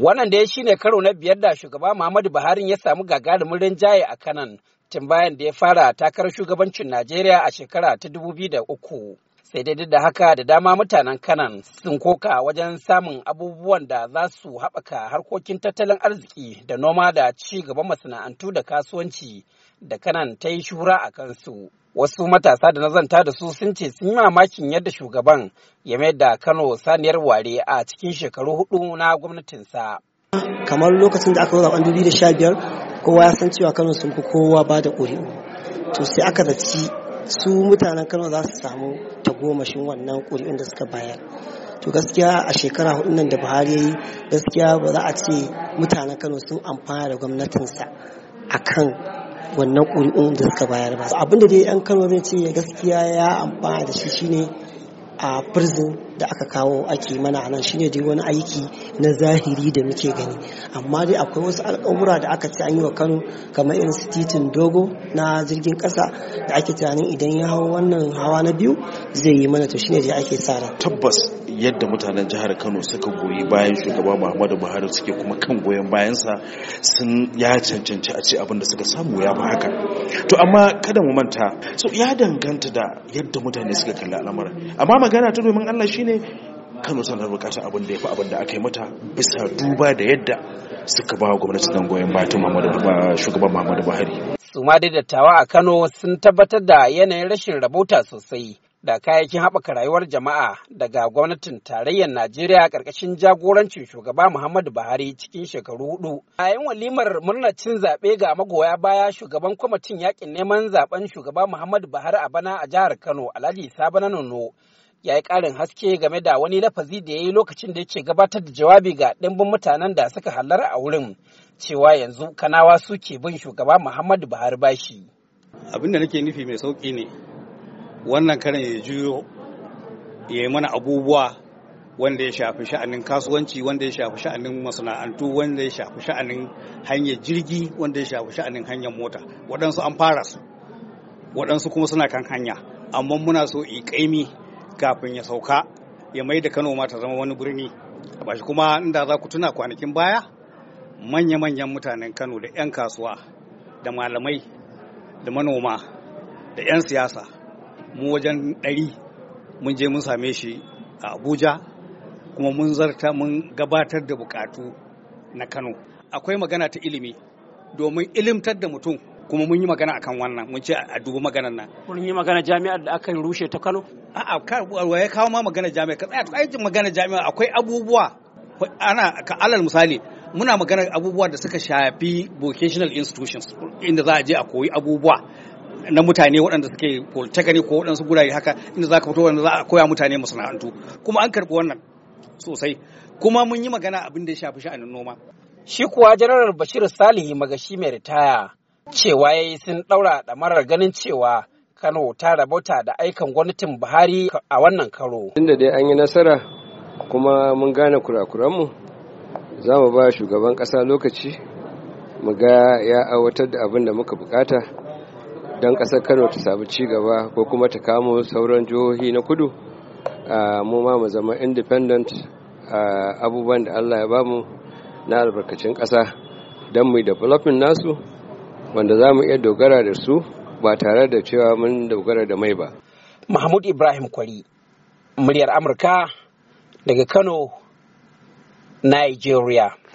Wannan dai shine karo na biyar da shugaba Muhammadu Buhari ya samu gagarumin rinjaye a kanan tun bayan da ya fara takarar shugabancin Najeriya a shekara ta dubu biyu da uku. Sai dai da haka da dama mutanen kanan sun koka wajen samun abubuwan da za su haɓaka harkokin tattalin arziki da noma da ci gaban masana'antu da kasuwanci da kanan ta yi shura a kansu. wasu matasa da na zanta da su sun ce sun yi mamakin yadda shugaban ya mayar da kano saniyar ware a cikin shekaru hudu na gwamnatinsa kamar lokacin da aka zo zaben 2015 kowa ya san cewa kano sun fi kowa ba da ƙuri'u to sai aka zaci su mutanen kano za su samu tagomashin wannan ƙuri'un da suka bayar to gaskiya a shekara hudu nan da buhari ya yi gaskiya ba za a ce mutanen kano sun amfana da gwamnatinsa akan wannan ƙuri'un da suka bayar ba abinda dai yan kano zai ce gaskiya ya amfana da shi shine a prison da aka kawo ake mana a nan shine dai wani aiki na zahiri da muke gani amma dai akwai wasu alkawura da aka ci an yi wa kano kamar irin su titin dogo na jirgin kasa da ake tunanin idan ya hau wannan hawa na biyu zai yi mana to shine dai ake sa tabbas yadda mutanen jihar kano suka goyi bayan shugaba muhammadu buhari suke kuma kan goyon bayansa sun ya cancanci a ce abin da suka samu ya fi haka to amma kada mu manta so ya danganta da yadda mutane suka kalli al'amuran amma magana ta domin Allah shine Kano bukatar abin da ya fi abin da aka yi mata bisa duba da yadda suka ba gwamnati don goyon shugaban Muhammadu Buhari. Su ma dai dattawa a Kano sun tabbatar da yanayin rashin rabota sosai da kayayyakin haɓaka rayuwar jama'a daga gwamnatin tarayyar Najeriya ƙarƙashin jagorancin shugaba Muhammadu Buhari cikin shekaru hudu. A yin walimar murnar cin zaɓe ga magoya baya shugaban kwamitin yaƙin neman zaɓen shugaba Muhammadu Buhari a bana a jihar Kano Alhaji Sabana Nono ya yi ƙarin haske game da wani lafazi da ya yi lokacin da ya ce gabatar da jawabi ga ɗimbin mutanen da suka hallara a wurin cewa yanzu kanawa suke bin shugaba muhammadu buhari bashi abin da nake nufi mai sauƙi ne wannan karin ya juyo ya yi mana abubuwa wanda ya shafi sha'anin kasuwanci wanda ya shafi sha'anin masana'antu wanda ya shafi sha'anin hanyar jirgi wanda ya shafi sha'anin hanyar mota waɗansu an fara su waɗansu kuma suna kan hanya amma muna so ƙaimi kafin ya sauka ya mai da Kano ma ta zama wani birni. Ba shi kuma inda za ku tuna kwanakin baya manya-manyan mutanen Kano da 'yan kasuwa da malamai da manoma da 'yan siyasa mu wajen ɗari mun je mun same shi a Abuja kuma mun zarta mun gabatar da bukatu na Kano. Akwai magana ta ilimi domin ilimtar da mutum kuma mun yi magana akan wannan mun ce a dubi maganar nan mun yi magana jami'ar da aka rushe ta Kano a'a ya kawo ma magana jami'a ka tsaya ai magana jami'a akwai abubuwa ana ka alal misali muna magana abubuwa da suka shafi vocational institutions inda za a je a koyi abubuwa na mutane waɗanda suke polytechnic ko waɗansu gurare haka inda za ka fito wanda za a koya mutane masana'antu kuma an karɓi wannan sosai kuma mun yi magana abin da ya shafi sha'anin noma shi kuwa janaral bashir salihi magashi mai ritaya cewa ya yi sun ɗaura marar ganin cewa Kano ta rabauta da aikan gwamnatin Buhari a wannan karo. Inda dai an yi nasara kuma mun gane kurakuranmu za mu ba shugaban ƙasa lokaci mu ga ya aiwatar da abin da muka bukata don ƙasar Kano ta samu ci gaba ko kuma ta kamo sauran jihohi na kudu mu ma mu zama independent abubuwan da Allah ya bamu na albarkacin ƙasa don mu yi development nasu wanda za mu iya dogara da su ba tare da cewa mun dogara da mai ba. Mahmud Ibrahim Kwari, muryar Amurka daga Kano, Nigeria.